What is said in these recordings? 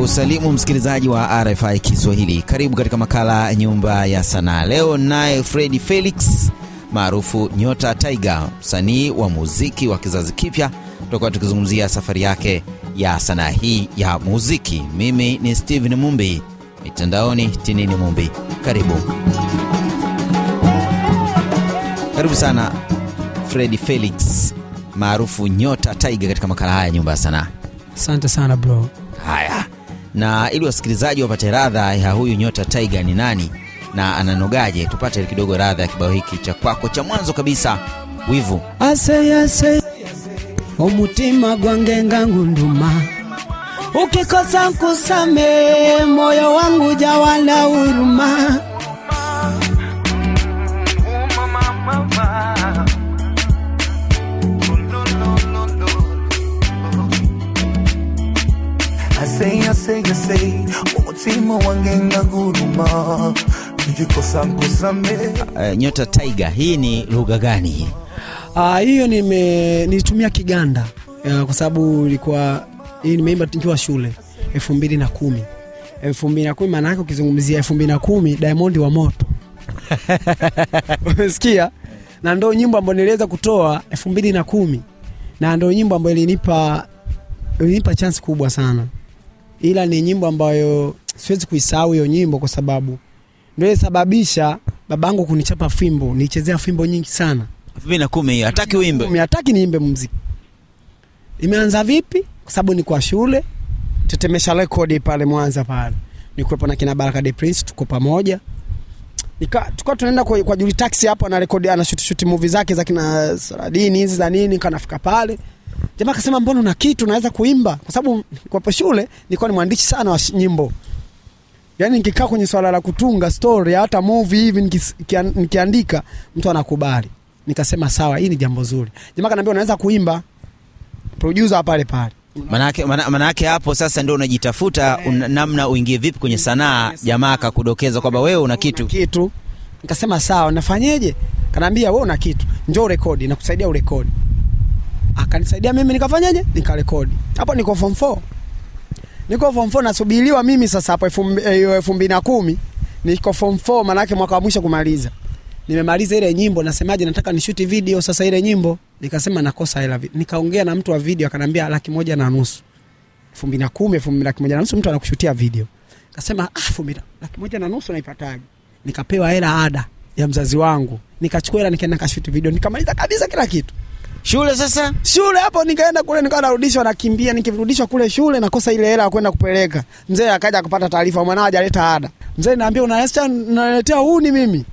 kusalimu msikilizaji wa RFI Kiswahili. Karibu katika makala Nyumba ya Sanaa. Leo naye Fredi Felix maarufu Nyota Tiger, msanii wa muziki wa kizazi kipya, tutakuwa tukizungumzia safari yake ya sanaa hii ya muziki. Mimi ni Steven Mumbi, mitandaoni Tinini Mumbi. Karibu, karibu sana Fredi Felix maarufu Nyota Tiger katika makala haya Nyumba ya Sanaa. Asante sana bro. Haya, na ili wasikilizaji wapate radha ya huyu nyota Taiga ni nani na ananogaje, tupate kidogo radha ya kibao hiki cha kwako cha mwanzo kabisa, wivu aseyase omutima gwange ngangu nduma ukikosa nkusame moyo wangu jawala uruma ngesegesei umutima wange ngaguruma nikikosa nkusame. Uh, eh, nyota Tiger, hii ni lugha gani? Uh, hiyo nime nilitumia Kiganda uh, kwa sababu ilikuwa hii nimeimba nikiwa shule elfu mbili na kumi elfu mbili na kumi maana yake ukizungumzia elfu mbili na kumi Diamond wa moto umesikia na ndo nyimbo ambayo niliweza kutoa elfu mbili na kumi na ndo nyimbo ambayo ilinipa ilinipa chansi kubwa sana ila ni nyimbo ambayo siwezi kuisahau hiyo nyimbo kwa sababu ndio ilisababisha babangu kunichapa fimbo. nichezea fimbo nyingi sana. 2010 hataki uimbe. Mimi hataki niimbe muziki. Imeanza vipi? Kwa sababu ni kwa shule tetemesha rekodi pale Mwanza pale. Nilikuwepo na kina Baraka de Prince tuko pamoja. Nika tukawa tunaenda kwa, kwa Juli Taxi hapo ana rekodi ana shoot shoot movie zake za kina Saladini hizi za nini kanafika pale. Jamaa akasema mbona una kitu naweza kuimba, kwa sababu kwa shule nilikuwa ni mwandishi sana wa nyimbo yaani nikikaa kwenye swala la kutunga story hata movie hivi nikiandika mtu anakubali. Nikasema sawa, hii ni jambo zuri. Jamaa kaniambia unaweza kuimba, producer pale pale. Manake, manake hapo sasa ndio unajitafuta eh. una, namna uingie vipi kwenye sanaa. Jamaa akakudokeza kwamba wewe una kitu kitu. Nikasema sawa, nafanyeje? Kanaambia wewe una kitu, njoo urekodi, nakusaidia urekodi akanisaidia mimi nikafanyaje, nikarekodi. Hapo niko form 4, niko form 4 nasubiriwa mimi sasa hapo eh, elfu mbili na kumi niko form 4, manake mwaka wa mwisho kumaliza. Nimemaliza ile nyimbo, nasemaje, nataka nishuti video sasa ile nyimbo. Nikasema nakosa hela, nikaongea na mtu wa video akanambia laki moja na nusu elfu mbili na kumi elfu mbili laki moja na nusu mtu anakushutia video. Kasema ah, elfu mbili laki moja na nusu naipataje? Nikapewa hela ada ya mzazi wangu, nikachukua hela nikaenda kashuti video, nikamaliza kabisa kila kitu shule sasa, shule hapo, nikaenda kule, nikawa narudishwa, nakimbia. Nikirudishwa kule shule, nakosa ile hela ya kwenda kupeleka. Mzee akaja kupata taarifa, mwanao hajaleta ada. Mzee naambia, unaleta naletea huni mimi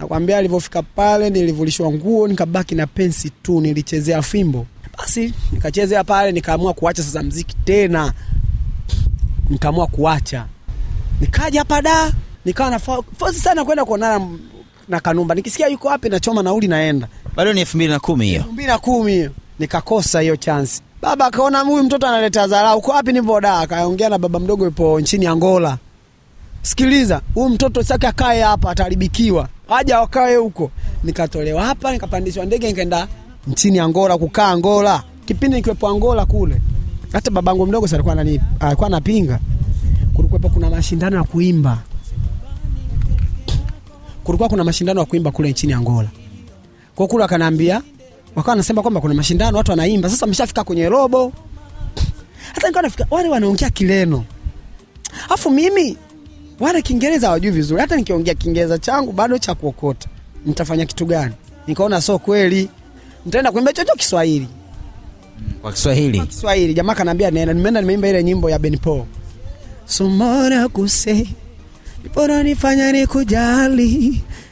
nakwambia. Alivyofika pale, nilivulishwa nguo, nikabaki na pensi tu, nilichezea fimbo. Basi nikachezea pale, nikaamua kuacha sasa mziki tena, nikaamua kuacha. Nikaja hapa da, nikawa na fosi sana kwenda kuonana na Kanumba, nikisikia yuko wapi nachoma nauli naenda bado ni elfu mbili na kumi hiyo, elfu mbili na kumi hiyo nikakosa hiyo chance. Baba akaona huyu mtoto analeta dharau, uko wapi? Nipo da. Akaongea na baba mdogo, yupo nchini Angola. Sikiliza, huyu mtoto sasa akae hapa, ataribikiwa, aja wakae huko. Nikatolewa hapa, nikapandishwa ndege, nikaenda nchini Angola, kukaa Angola kipindi nikiwepo Angola kule. Hata babangu mdogo sasa alikuwa anani alikuwa anapinga, kulikuwa kuna mashindano ya kuimba, kulikuwa kuna mashindano ya kuimba kule nchini Angola kwa kule akanambia, wakawa nasema kwamba kuna mashindano watu wanaimba. Sasa ameshafika kwenye robo. Hata nikawa nafika wale wanaongea Kileno. Afu mimi wale Kiingereza hawajui vizuri. Hata nikiongea Kiingereza changu bado cha kuokota. Nitafanya kitu gani? Nikaona so kweli. ntaenda kuimba chocho Kiswahili. Mm, kwa Kiswahili. Kwa Kiswahili. Jamaa kanaambia nenda, nimeenda nimeimba ile nyimbo ya benpo sumona kuse. Nipora nifanya nikujali.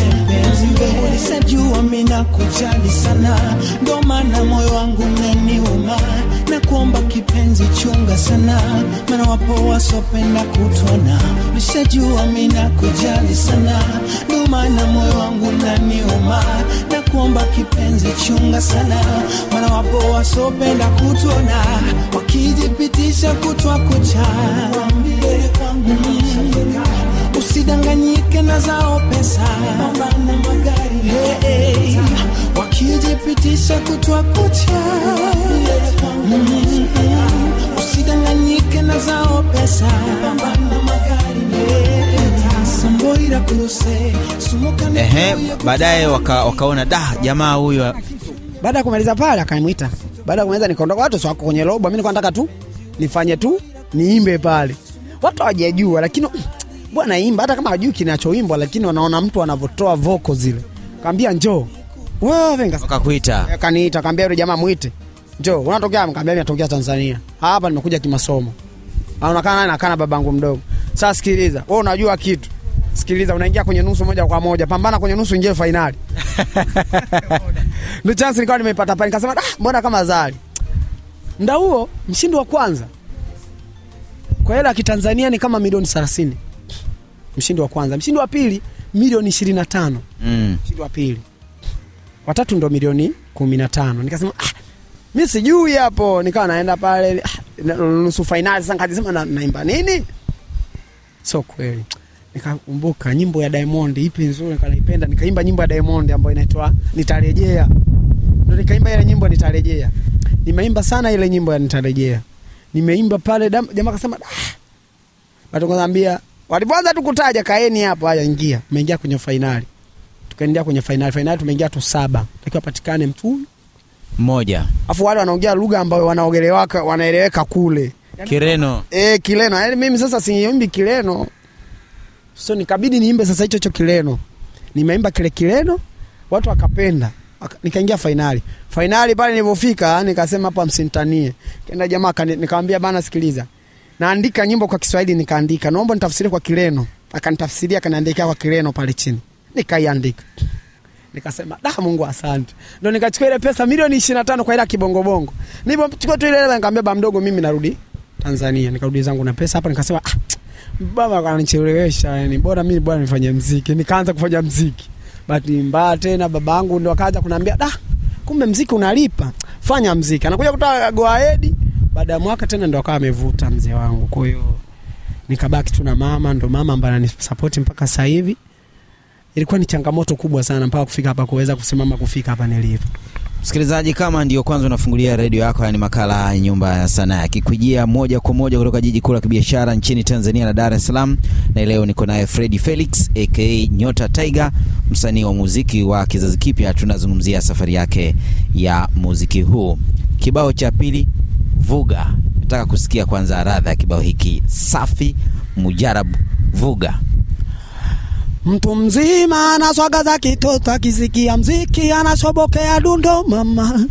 mpenzi wewe, ulisajua mimi nakujali sana, ndo moyo wangu umeniuma na kuomba kipenzi, chunga sana, maana wapo wasopenda kutona. Ulisajua mimi nakujali sana, ndo moyo wangu unaniuma na kuomba kipenzi, chunga sana, maana wapo wasopenda kutona, wakijipitisha kutwa kucha, waambie kwangu mimi Mm-hmm. usidanganyike na zao pesa na magari hey, hey. wakijipitisha kutwa kucha usidanganyike na zao pesa na magari Ehe, baadaye waka, wakaona da jamaa huyo. Baada ya kumaliza pale akanimwita, baada ya kumaliza nikaondoka. Watu wako kwenye robo, mimi nilikuwa nataka tu nifanye tu niimbe pale, watu hawajajua, lakini mm, bwana imba, hata kama hajui kinachoimbwa, lakini wanaona mtu anavyotoa voko zile. Kaambia njoo wewe, nikakuita eh, kaambia yule jamaa mwite njo unatokea? kaambia natokea Tanzania, hapa nimekuja kimasomo. Anaonekana nakana babangu mdogo. saa sikiliza we unajua kitu Sikiliza, unaingia kwenye nusu moja kwa moja, pambana kwenye nusu, ingie fainali. ndo chansi nikawa nimeipata pale, nikasema ah, mbona kama Zari mda huo mshindi wa kwanza kwa hela ya Kitanzania ni kama milioni thelathini mshindi wa kwanza. Mshindi wa pili milioni ishirini 25. Mm. Mshindi wa pili. Watatu ndo milioni kumi na tano Nikasema ah, mi sijui hapo. Nikawa naenda pale ah, nusu fainali sasa nikasema na, naimba nini? so kweli. Nikakumbuka nyimbo ya Diamond ipi nzuri kanaipenda nikaimba nyimbo ya Diamond ambayo inaitwa Nitarejea. ndo nikaimba ile nyimbo Nitarejea. Nimeimba sana ile nyimbo ya Nitarejea. Nimeimba pale jamaa kasema ah, Watu kwanza Walipoanza tu kutaja kaeni hapo, haya ingia, umeingia kwenye fainali. Tukaendelea kwenye fainali, fainali tumeingia tu saba, lakini patikane mtu mmoja, afu wale wanaongea lugha ambayo wanaogelewaka wanaeleweka kule Kireno eh, Kireno. Yani mimi sasa siimbi Kireno, so nikabidi niimbe sasa hicho hicho Kireno. Nimeimba kile Kireno, watu wakapenda, nikaingia fainali. Fainali pale nilipofika, nikasema hapa msintanie. Kenda jamaa nikamwambia bana, sikiliza naandika nyimbo kwa Kiswahili, nikaandika naomba nitafsiri kwa Kireno, akanitafsiria akaniandikia kwa Kireno pale chini, nikaiandika nikasema da, ah, Mungu asante. Ndo nikachukua ile pesa milioni ishirini na tano kwa ile kibongobongo, nilipochukua tu ile hela nikamwambia ba mdogo, mimi narudi Tanzania. Nikarudi zangu na pesa hapa, nikasema ah, baba kanichelewesha, yani bora mimi bwana nifanye mziki. Nikaanza kufanya mziki, bahati mbaya tena babangu ndo akaja kuniambia da, ah, kumbe mziki unalipa, fanya mziki. Anakuja kutoa Goaedi baada ya mwaka tena ndo akawa amevuta mzee wangu, kwa hiyo nikabaki tu na mama, ndo mama ambaye ananisapoti mpaka sasa hivi. Ilikuwa ni changamoto kubwa sana mpaka kufika hapa, kuweza kusimama kufika hapa nilipo. Msikilizaji, kama ndiyo kwanza unafungulia redio yako, yani makala ya Nyumba ya Sanaa yakikujia moja kwa moja kutoka jiji kuu la kibiashara nchini Tanzania na Dar es Salaam, na leo niko naye Fredi Felix aka Nyota Tiger, msanii wa muziki wa kizazi kipya. Tunazungumzia safari yake ya muziki huu, kibao cha pili Vuga. Nataka kusikia kwanza radha ya kibao hiki safi, mujarabu. Vuga. Mtu mzima anaswagaza kitoto, akisikia mziki anashobokea dundo, mama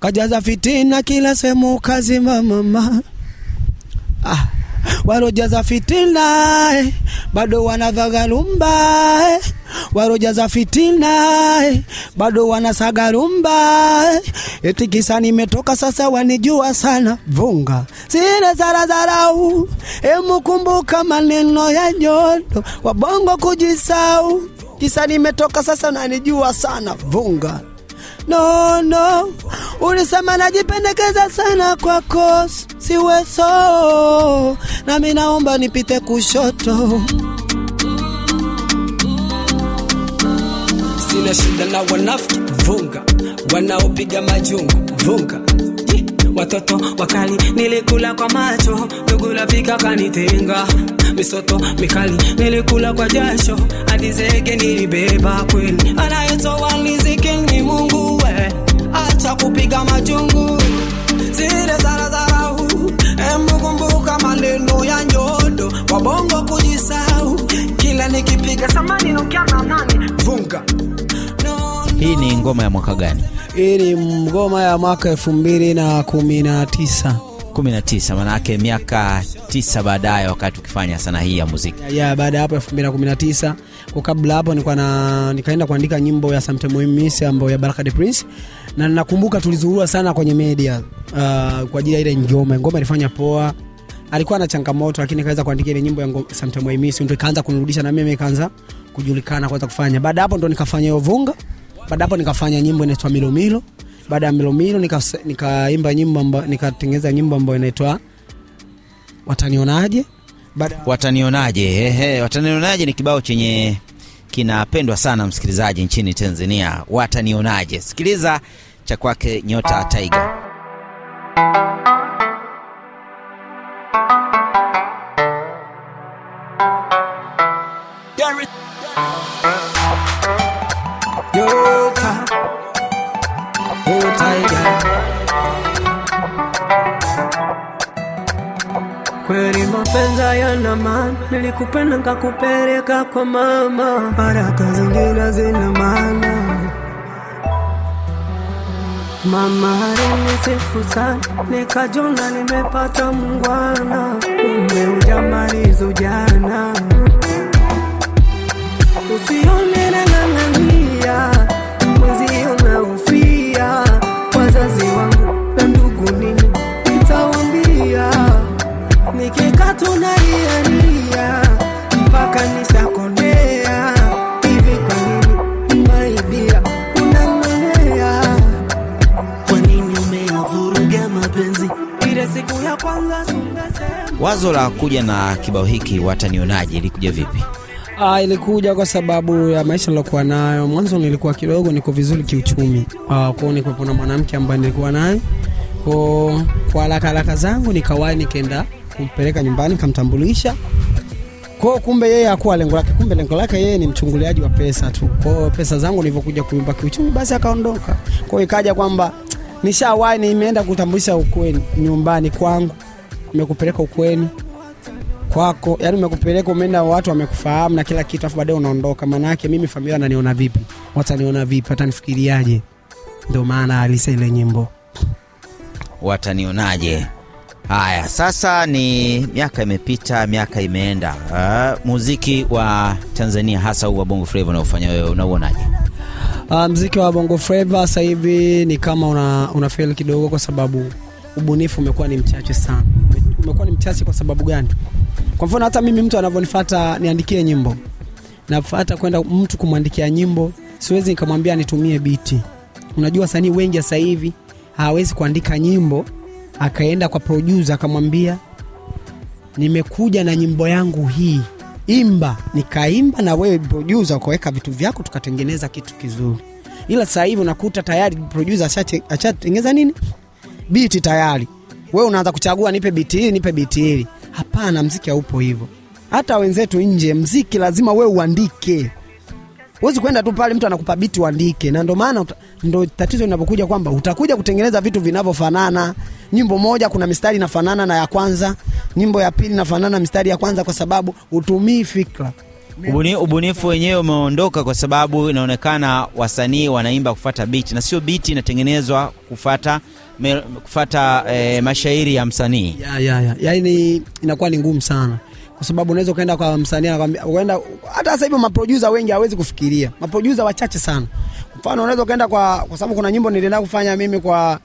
kajaza fitina kila sehemu, kazima mama ah za fitina bado wanavagalumba warojaza fitina eh. bado eh. eh. wanasagarumba eti kisa nimetoka sasa wanijua sana vunga zile zarazarau emukumbuka maneno ya nyondo wabongo kujisau kisa nimetoka sasa nanijua sana vunga no, no. Ulisema najipendekeza sana kwako, siweso nami naomba nipite kushoto. Sina shida na wanafiki vunga, wanaopiga majungu vunga watoto wakali nilikula kwa macho, ndugu rafiki kanitenga, misoto mikali nilikula kwa jasho, hadi zege nilibeba kweli, anayetoa riziki piga machungu zile zarazarau, embu kumbuka maneno ya nyodo wabongo kujisau, kila nikipiga samani nukiana nani funga no, no. Hii ni ngoma ya mwaka gani? Hii ni ngoma ya mwaka elfu mbili na kumi na tisa 19 manake miaka tisa baadaye, wakati ukifanya sanaa hii ya muziki ya yeah, baada ya hapo 2019. tisa. kabla hapo nilikuwa na nikaenda kuandika nyimbo ya Sometimes We Miss ambayo ya Baraka De Prince na nakumbuka tulizurua sana kwenye media uh, kwa ajili ya ile ngoma. Ngoma ilifanya poa, alikuwa na changamoto lakini kaweza kuandika ile nyimbo ya Sometimes I ndio ikaanza kunirudisha na mimi ikaanza kujulikana, kwanza kufanya. Baada hapo ndo nikafanya hiyo vunga, baada hapo nikafanya nyimbo inaitwa Milomilo. Baada ya Milomilo nikaimba nika nyimbo, nikatengeneza nyimbo ambayo inaitwa Watanionaje. Baada Watanionaje, ehe, Watanionaje ni kibao chenye kinapendwa sana msikilizaji nchini Tanzania. Watanionaje, sikiliza cha kwake nyota taiga Kweli mapenza yana maana, nilikupenda nikakupeleka kwa mama, baraka zingine zina maana Mama alinisifu sana, nikajona nimepata mungwana, kumbe ujamaliza ujana Wazo la kuja na kibao hiki watanionaje ilikuja vipi? Ah, ilikuja kwa sababu ya maisha nilokuwa nayo mwanzo. Nilikuwa kidogo niko vizuri kiuchumi, ah, kwao nikuwepo na mwanamke ambaye nilikuwa naye kwa kwa haraka haraka zangu nikawahi nikaenda kumpeleka nyumbani kamtambulisha kwao, kumbe yeye hakuwa lengo lake, kumbe lengo lake yeye ni mchunguliaji wa pesa tu. Kwao pesa zangu nilivyokuja kuimba kiuchumi, basi akaondoka. Kwao ikaja kwamba nishawai nimeenda kutambulisha ukweni nyumbani kwangu, nimekupeleka ukweni kwako, yani umekupeleka umeenda, watu wamekufahamu na kila kitu, afu baadae unaondoka. maanaake mimi familia wananiona vipi? Wataniona vipi? Watanifikiriaje? ndo maana alisa ile nyimbo watanionaje. Haya, sasa ni miaka imepita, miaka imeenda. Uh, muziki wa Tanzania hasa huu wa Bongo Flava unaofanya wewe unauonaje? Uh, mziki wa Bongo Flava sasa hivi ni kama una, una fail kidogo kwa sababu ubunifu umekuwa ni mchache sana. Umekuwa ni mchache kwa sababu gani? Kwa mfano hata mimi mtu anavyonifuata niandikie nyimbo. Nafuata kwenda mtu kumwandikia nyimbo, siwezi nikamwambia nitumie biti. Unajua wasanii wengi sasa hivi hawezi kuandika nyimbo akaenda kwa producer akamwambia nimekuja na nyimbo yangu hii imba, nikaimba na wewe produsa ukaweka vitu vyako, tukatengeneza kitu kizuri. Ila sasa hivi unakuta tayari produsa achatengeneza nini, biti tayari, wewe unaanza kuchagua, nipe biti hili, nipe biti hili. Hapana, mziki haupo hivyo. Hata wenzetu nje, mziki lazima wewe uandike Huwezi kwenda tu pale mtu anakupa biti uandike, na ndio maana ndio tatizo linapokuja kwamba utakuja kutengeneza vitu vinavyofanana. Nyimbo moja kuna mistari inafanana na ya kwanza, nyimbo ya pili inafanana mistari ya kwanza, kwa sababu utumii fikra. Ubuni, ubunifu wenyewe umeondoka kwa sababu inaonekana wasanii wanaimba kufata biti na sio biti inatengenezwa kufata me, kufata e, eh, mashairi ya msanii ya, ya, ya. Yaani inakuwa ni ngumu sana kwa sababu unaweza ukaenda kwa msanii anakwambia uenda hata sasa hivi maproducer wengi hawezi kufikiria, maproducer wachache sana. Mfano unaweza ukaenda kwa, kwa sababu kuna nyimbo nilienda kufanya mimi kwa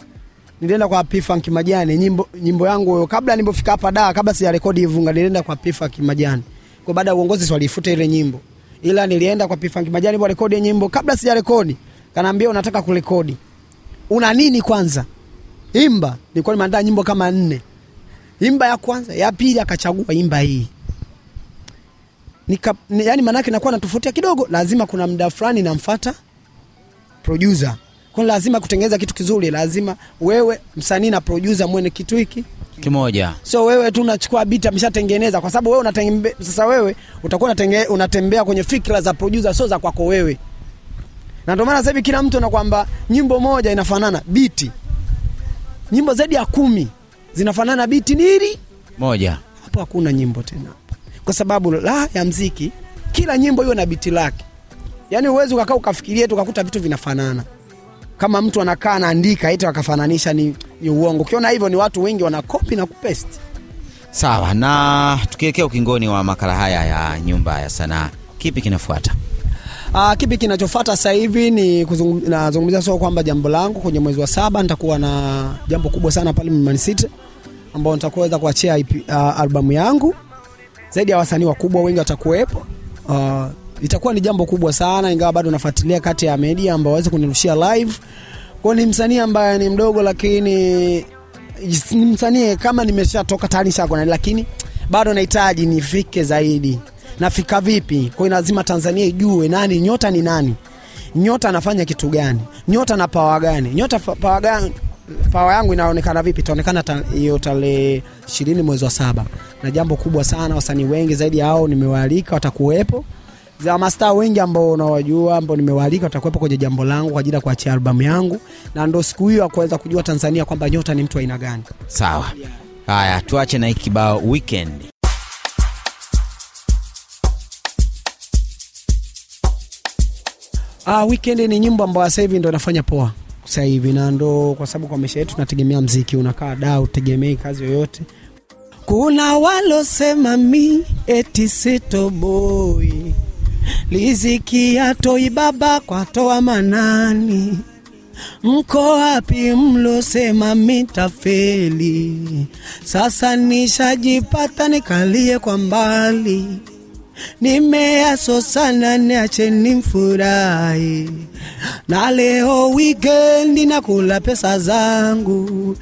nilienda kwa Pifa Kimajani, nyimbo nyimbo yangu kabla nilipofika hapa da, kabla sijarekodi Ivunga, nilienda kwa Pifa Kimajani kwa baada ya uongozi swalifuta ile nyimbo, ila nilienda kwa Pifa Kimajani kwa rekodi nyimbo kabla sijarekodi, kanaambia unataka kurekodi una nini kwanza, imba. Nilikuwa nimeandaa nyimbo kama nne, imba ya kwanza, ya pili, akachagua imba hii nika, yani manake nakuwa natofautia kidogo, lazima kuna mda fulani namfata producer kwa lazima kutengeneza kitu kizuri, lazima wewe msanii na producer mwene kitu hiki kimoja, so wewe tu unachukua beat ameshatengeneza, kwa sababu wewe unatembe, sasa wewe utakuwa unatembea kwenye fikra za producer, sio za kwako wewe. Na ndio maana sasa hivi kila mtu anakwamba nyimbo moja inafanana beat, nyimbo zaidi ya kumi zinafanana beat nili moja, hapo hakuna nyimbo tena hapo kwa sababu la ya mziki, kila nyimbo hiyo na biti lake. Yani uwezi ukakaa ukafikiria tu ukakuta vitu vinafanana. Kama mtu anakaa anaandika eti wakafananisha ni, ni uongo. Ukiona hivyo ni watu wengi wana kopi na kupest Sawa, na tukielekea ukingoni wa makala haya ya Nyumba ya Sanaa, kipi kinafuata? Uh, kipi kinachofata sasa hivi ni nazungumzia sio kwamba jambo langu kwenye mwezi wa saba nitakuwa na jambo kubwa sana pale mmancit ambao nitakuweza kuachia uh, albamu yangu zaidi ya wasanii wakubwa wengi watakuwepo. Uh, itakuwa ni jambo kubwa sana, ingawa bado nafuatilia kati ya media ambao waweze kunirushia live. Kwa ni msanii ambaye ni mdogo, lakini ni msanii kama nimeshatoka tayari nishakuwa, lakini bado nahitaji nifike zaidi. Nafika vipi? Kwa hiyo lazima Tanzania ijue nani nyota ni nani, nyota anafanya kitu gani, nyota na pawa gani, nyota pawa gani, pawa yangu inaonekana vipi? Itaonekana hiyo tarehe ishirini mwezi wa saba na jambo kubwa sana. Wasanii wengi zaidi yao nimewaalika watakuwepo, za masta wengi ambao unawajua ambao nimewaalika watakuwepo kwenye jambo langu kwa ajili ya kuachia albamu yangu, na ndo siku hiyo akuweza kujua Tanzania kwamba nyota ni mtu aina gani. Sawa, haya tuache na kibao weekend. Ah, weekend ni nyimbo ambayo sasa hivi ndo nafanya poa sasa hivi, na ndo kwa sababu kwa maisha yetu tunategemea mziki, unakaa da utegemei kazi yoyote kuna walosema mi eti sitoboi liziki atoi baba kwa toa manani Mko wapi mlosema mitafeli? Sasa nishajipata nikalie kwa mbali sana niache nimfurahi, na leo wikendi nakula pesa zangu,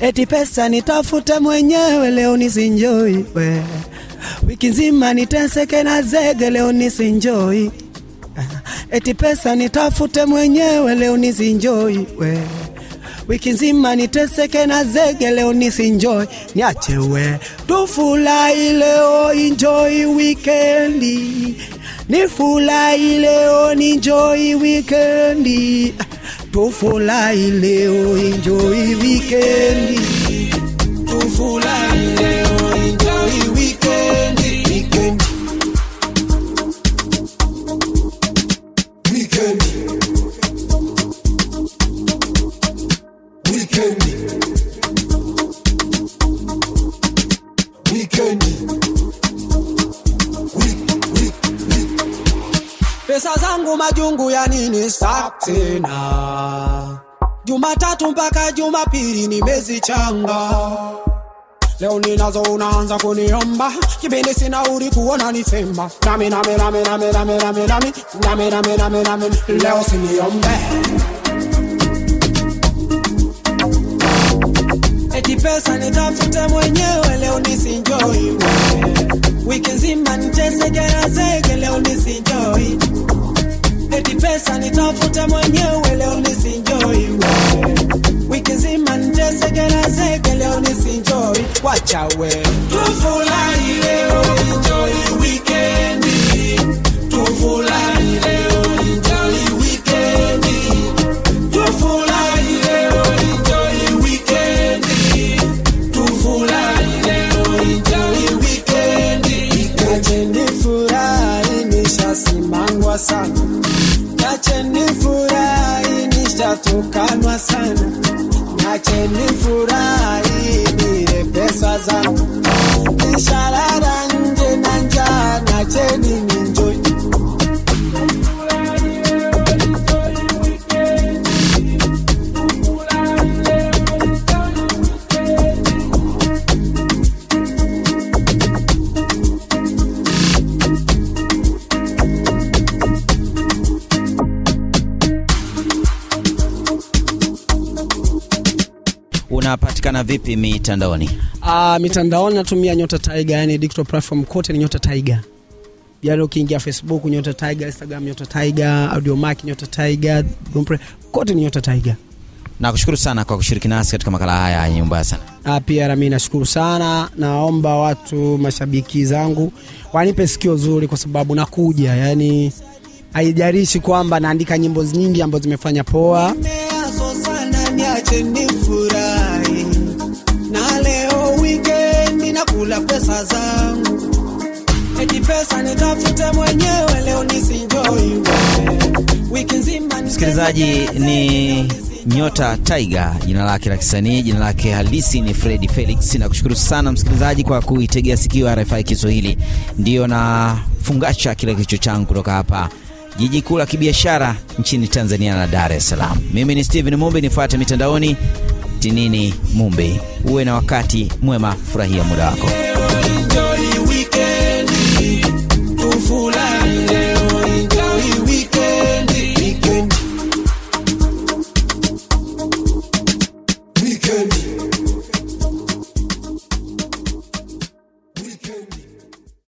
eti pesa nitafute mwenyewe, leo nisinjoi we. Wiki nzima niteseke na zege, leo nisinjoi, eti pesa nitafute mwenyewe, leo nisinjoi we wiki nzima niteseke na zege, leo nisinjoi, niachewe tufurahi leo, injoi wikendi, nifurahi leo, ninjoi wikendi, tufurahi leo, injoi wikendi, tufurahi leo, injoi wikendi Juma majungu ya nini tena? Jumatatu mpaka Jumapili nimezichanga, leo ninazo unaanza kuniomba, kipindi sina uri kuona nisemba nami nami nami nami nami nami nami nami nami nami nami leo siniombe eti pesa nitafute mwenyewe, leo nisinjoi wiki nzima nicheze pesa nitafute mwenyewe, leo nisinjoi wewe, wiki nzima niteseke na Watch leo nisinjoi, wacha wewe tufurahi nikatukanwa sana, nache nifurahi nile pesa zangu, nishalala nje na njaa, nacheni ninjoje Unapatikana vipi mitandaoni? Uh, mitandaoni natumia Nyota Tiger, yani digital platform kote ni Nyota Tiger. Yaani ukiingia Facebook Nyota Tiger, Instagram Nyota Tiger, Audiomack Nyota Tiger, Dumpre, kote ni Nyota Tiger. Nakushukuru sana kwa kushiriki nasi katika makala haya ya nyumba sana. Ah, pia nami nashukuru sana. Naomba watu mashabiki zangu wanipe sikio zuri, kwa sababu nakuja, yani haijalishi kwamba naandika nyimbo nyingi ambazo zimefanya poa na leo weekend ninakula pesa zangu, eti pesa nitafute mwenyewe leo nisinjoi. Wiki nzima msikilizaji ni Nyota Tiger jina lake la kisanii, jina lake halisi ni Freddy Felix. Nakushukuru sana msikilizaji kwa kuitegea sikio RFI Kiswahili. Ndiyo na fungasha kile kicho changu kutoka hapa jiji kuu la kibiashara nchini Tanzania na Dar es Salaam. Mimi ni Steven Mumbi, nifuate mitandaoni Tinini Mumbi. Uwe na wakati mwema, furahia muda wako.